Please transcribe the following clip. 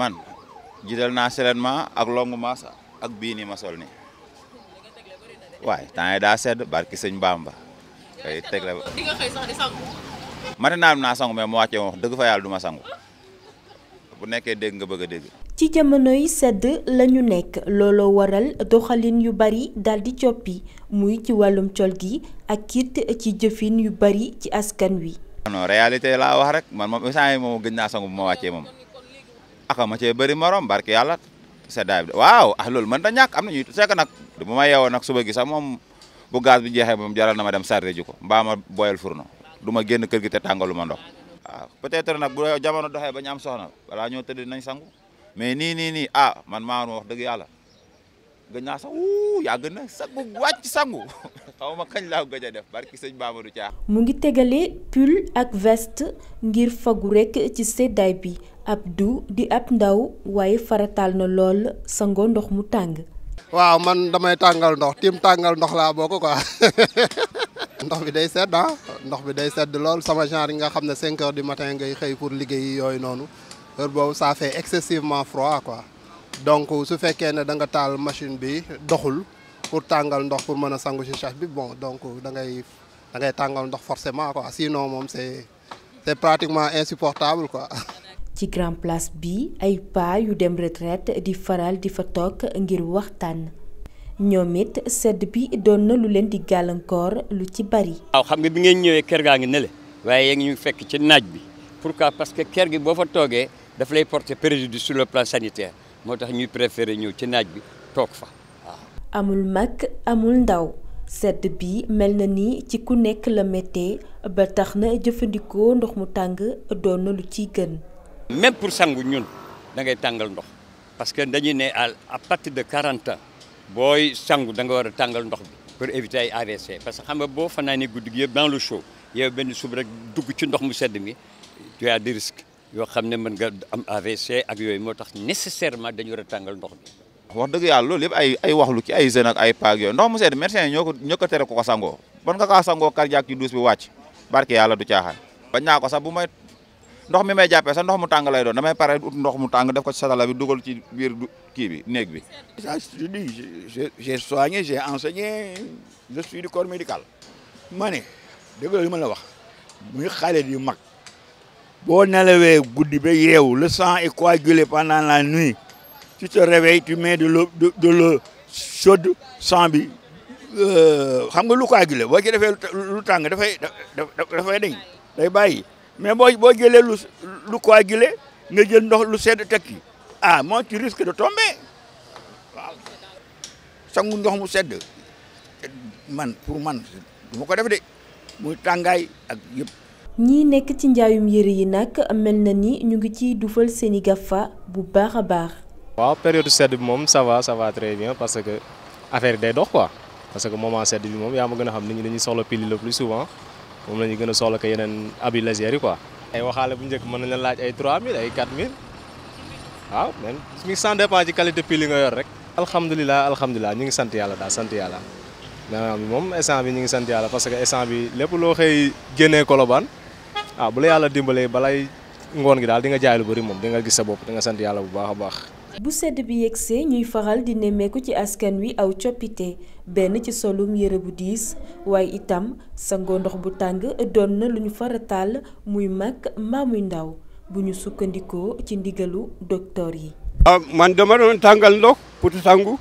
man jiital naa seulement ak longu maas ak bii nii ma sol nii waaye temps daa sedd barki sëñ Bamba kay teg naa sangu mais mu wàccee wax dëgg fa yàlla du sangu bu nekkee dégg nga bëgg a dégg. ci jamonoy sedd la ñu nekk looloo waral doxalin yu bari dal di coppi muy ci wàllum col gi ak it ci jëfin yu bari ci askan wi. non réalité laa wax rek man moom instant yii moom gëj naa sangu bu ma wàccee moom aka ah, ma cee bëri morom barke yàlla seddaay bi waaw ah loolu mën ta ñàkk am na ñuy sekk nag du ma yeewoo nag suba gi sax moom bu gaz bi jeexee moom jaral na ma dem sarre ji ko mbaa ma boyal fourneau du ma génn kër gi te tàngalu ma ndox waaw ah, peut-être nag bu jamono doxee ba ñu am soxna balaa ñoo tëdd nañ sangu mais nii nii nii ah man maa wax dëgg yàlla gëj naa sax wuu yaa gën a sangu wàcc sangu xaw ma kañ laa gëj a def barki sëñ Bamba du caax mu ngi tegale pull ak vest ngir fagu rekk ci seddaay bi Abdou di ab ndaw waaye farataal na lool sangoo ndox mu tàng. waaw man damay tàngal ndox tiim tàngal ndox laa bokk quoi ndox bi day sedd ah ndox bi day sedd lool sama genre yi nga xam ne 5 heures du matin ngay xëy pour liggéey yooyu noonu heure boobu ça fait excessivement froid quoi. donc su fekkee ne da nga taal machine bi doxul pour tàngal ndox pour mën a sangu ci chasse bi bon donc da ngay da ngay tàngal ndox forcément quoi sinon moom c'est c'est pratiquement insupportable ko ci grand place bi ay paa yu dem retraite di faral di fa toog ngir waxtaan. ñoom it sedd bi doon na lu leen di gàllankoor lu ci bari. waaw xam nga bi ngeen ñëwee kër gaa ngi ne waaye yaa ngi fekk ci naaj bi pour pourquoi parce que kër gi boo fa toogee daf lay porte préjudice sur le plan sanitaire. moo tax ñuy préféré ñëw ci naaj bi toog fa waaw. amul mag amul ndaw sedd bi mel na ni ci ku nekk la méttee ba tax na jëfandikoo ndox mu tàng doon na lu ciy gën. même pour sangu ñun da ngay tàngal ndox parce que dañuy ne à partir de 40 ans booy sangu da nga war a tàngal ndox bi pour éviter ay AVC parce que xam boo fanaanee guddi gi yëpp dans lu chaud yow benn suba rek dugg ci ndox mu sedd mi tu as des yoo xam ne mën nga am AVC ak yooyu moo tax nécessairement dañu war a tàngal ndox mi wax dëgg yàlla loolu yëpp ay ay waxlu ci ay jeune ay paag yooyu ndox mu sedd médecin yi ñoo ko tere ko ko sangoo ban nga kaa sangoo cardiaque ci douche bi wàcc barke yàlla du caaxaan bañ ko sax bu may ndox mi may jàppee sax ndox mu tàng lay doon damay pare ndox mu tàng def ko ci satala bi dugal ci biir kii bi néeg bi ça je dis j'ai soigné j'ai enseigné je corps médical ma ne dëgg la ma la wax muy xale yu mag boo nelawee guddi ba yeewu le sang est coagulé pendant la nuit tu te réveilles tu mets de l'eau de l'eau chaude sang bi euh, xam nga lu coagulé boo ci defee lu tàng dafay dafay dañ day bàyyi mais boo boo jëlee lu lu coagulé nga jël ndox lu sedd tekki ah moo tu risques de tomber waaw sangu ndox mu sedd man pour man du ma ko def de muy tàngaay ak yëpp ñii nekk ci njaayum yëre yi nag mel na ni ñu ngi ciy dufal seen i gafa bu baax a baax. waaw période sedd bi moom ça va ça va très bien parce que affaire day dox quoi parce que moment sedd bi moom yaa ma gën a xam nit ñi dañuy soxla pili le plus souvent moom la ñuy gën a soxla ko yeneen habits légers yi quoi. ay waxaale bu njëkk mën na la laaj ay 3000 ay 4000 waaw man mi sans dépend ci qualité pili nga yor rek. alhamdulilah alhamdulilah ñu ngi sant yàlla daal sant yàlla. maanaam ñu ngi sant yàlla parce que instant bi lépp loo xëy génnee Colobane. waaw ah, bu la yàlla dimbalee balay ngoon gi daal di nga jaay lu bëri moom danga gis sa bopp di nga sant yàlla bu baax a baax. bu sedd bi yegsee ñuy faral di nemmeeku ci askan wi aw coppite benn ci solum yëre bu diis waaye itam sangoo ndox bu tàng doon na lu ñu farataal muy mag mbaa muy ndaw bu ñu sukkandikoo ci ndigalu docteur yi. ah man tàngal ndox pour sangu.